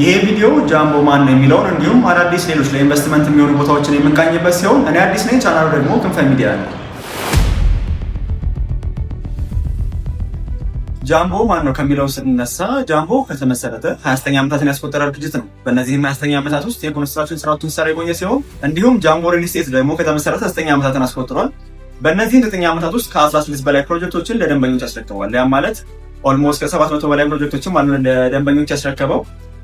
ይሄ ቪዲዮ ጃምቦ ማን ነው የሚለውን እንዲሁም አዳዲስ ሌሎች ለኢንቨስትመንት የሚሆኑ ቦታዎችን የምንቃኝበት ሲሆን እኔ አዲስ ነኝ፣ ቻናሉ ደግሞ ክንፈ ሚዲያ ነው። ጃምቦ ማን ነው ከሚለው ስንነሳ ጃምቦ ከተመሰረተ 29 ዓመታትን ያስቆጠረ ድርጅት ነው። በእነዚህም 29 ዓመታት ውስጥ የኮንስትራክሽን ስራቱን ሰራ የቆየ ሲሆን እንዲሁም ጃምቦ ሪል ስቴት ደግሞ ከተመሰረተ 9 ዓመታትን አስቆጥሯል። በእነዚህ 9 ዓመታት ውስጥ ከ16 በላይ ፕሮጀክቶችን ለደንበኞች ያስረክበዋል። ያም ማለት ኦልሞስት ከ700 በላይ ፕሮጀክቶችን ለደንበኞች ያስረከበው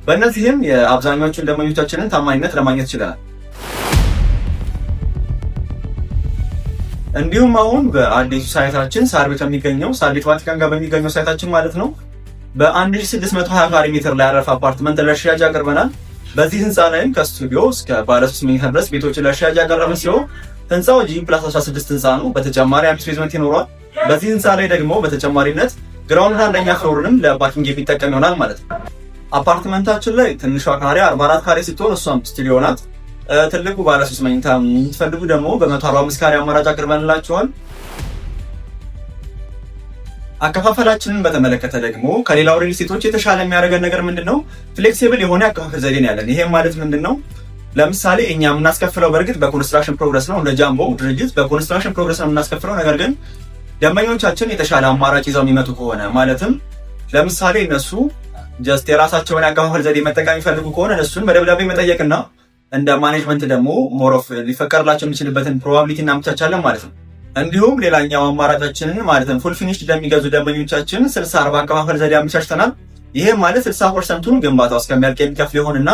በእነዚህም የአብዛኛዎቹን ደንበኞቻችንን ታማኝነት ለማግኘት ችለናል። እንዲሁም አሁን በአዲሱ ሳይታችን ሳር ቤት በሚገኘው ሳር ቤት ቫቲካን ጋር በሚገኘው ሳይታችን ማለት ነው በ1620 ካሬ ሜትር ላይ ያረፈ አፓርትመንት ለሽያጭ አቅርበናል። በዚህ ህንፃ ላይም ከስቱዲዮ እስከ ባለሶስት መኝታ ድረስ ቤቶችን ለሽያጭ ያቀረብን ሲሆን ህንፃው ጂ ፕላስ 16 ህንፃ ነው። በተጨማሪ አምስት ቤዝመንት ይኖረዋል። በዚህ ህንፃ ላይ ደግሞ በተጨማሪነት ግራውንድ አንደኛ ፍሎርንም ለፓርኪንግ የሚጠቀም ይሆናል ማለት ነው። አፓርትመንታችን ላይ ትንሿ ካሬ 44 ካሬ ስትሆን እሷም ስቱዲዮ ናት። ትልቁ ባለ ሶስት መኝታ የምትፈልጉ ደግሞ በ145 ካሬ አማራጭ አቅርበንላችኋል። አከፋፈላችንን በተመለከተ ደግሞ ከሌላው ሪል ስቴቶች የተሻለ የሚያደርገን ነገር ምንድን ነው? ፍሌክሲብል የሆነ አከፋፈል ዘዴን ያለን። ይሄም ማለት ምንድን ነው? ለምሳሌ እኛ የምናስከፍለው በእርግጥ በኮንስትራክሽን ፕሮግረስ ነው፣ እንደ ጃምቦ ድርጅት በኮንስትራክሽን ፕሮግረስ ነው የምናስከፍለው። ነገር ግን ደንበኞቻችን የተሻለ አማራጭ ይዘው የሚመጡ ከሆነ ማለትም ለምሳሌ እነሱ ጀስት የራሳቸውን የአከፋፈል ዘዴ መጠቀም የሚፈልጉ ከሆነ እሱን በደብዳቤ መጠየቅና እንደ ማኔጅመንት ደግሞ ሞሮፍ ሊፈቀርላቸው የሚችልበትን ፕሮባቢሊቲ እናመቻቻለን ማለት ነው። እንዲሁም ሌላኛው አማራጫችንን ማለትም ፉል ፊኒሽ ለሚገዙ ደንበኞቻችን ስልሳ አርባ አከፋፈል ዘዴ አመቻችተናል። ይህም ማለት ስልሳ ፐርሰንቱን ግንባታው እስከሚያልቅ የሚከፍል ይሆንና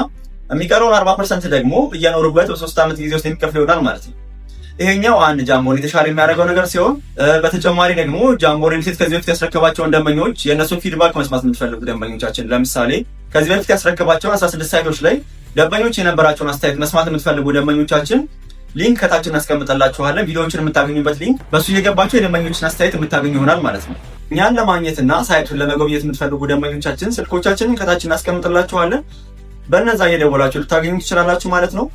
የሚቀረውን አርባ ፐርሰንት ደግሞ እየኖሩበት በሶስት ዓመት ጊዜ ውስጥ የሚከፍል ይሆናል ማለት ነው። ይሄኛው አንድ ጃምቦን የተሻለ የሚያደርገው ነገር ሲሆን በተጨማሪ ደግሞ ጃምቦን ሴት ከዚህ በፊት ያስረከባቸውን ደንበኞች የእነሱን ፊድባክ መስማት የምትፈልጉ ደንበኞቻችን፣ ለምሳሌ ከዚህ በፊት ያስረከባቸውን 16 ሳይቶች ላይ ደንበኞች የነበራቸውን አስተያየት መስማት የምትፈልጉ ደንበኞቻችን ሊንክ ከታች እናስቀምጠላችኋለን። ቪዲዮዎችን የምታገኙበት ሊንክ በእሱ እየገባቸው የደንበኞችን አስተያየት የምታገኙ ይሆናል ማለት ነው። እኛን ለማግኘትና ሳይቱን ለመጎብኘት የምትፈልጉ ደንበኞቻችን ስልኮቻችንን ከታች እናስቀምጥላችኋለን። በእነዛ እየደወላችሁ ልታገኙ ትችላላችሁ ማለት ነው።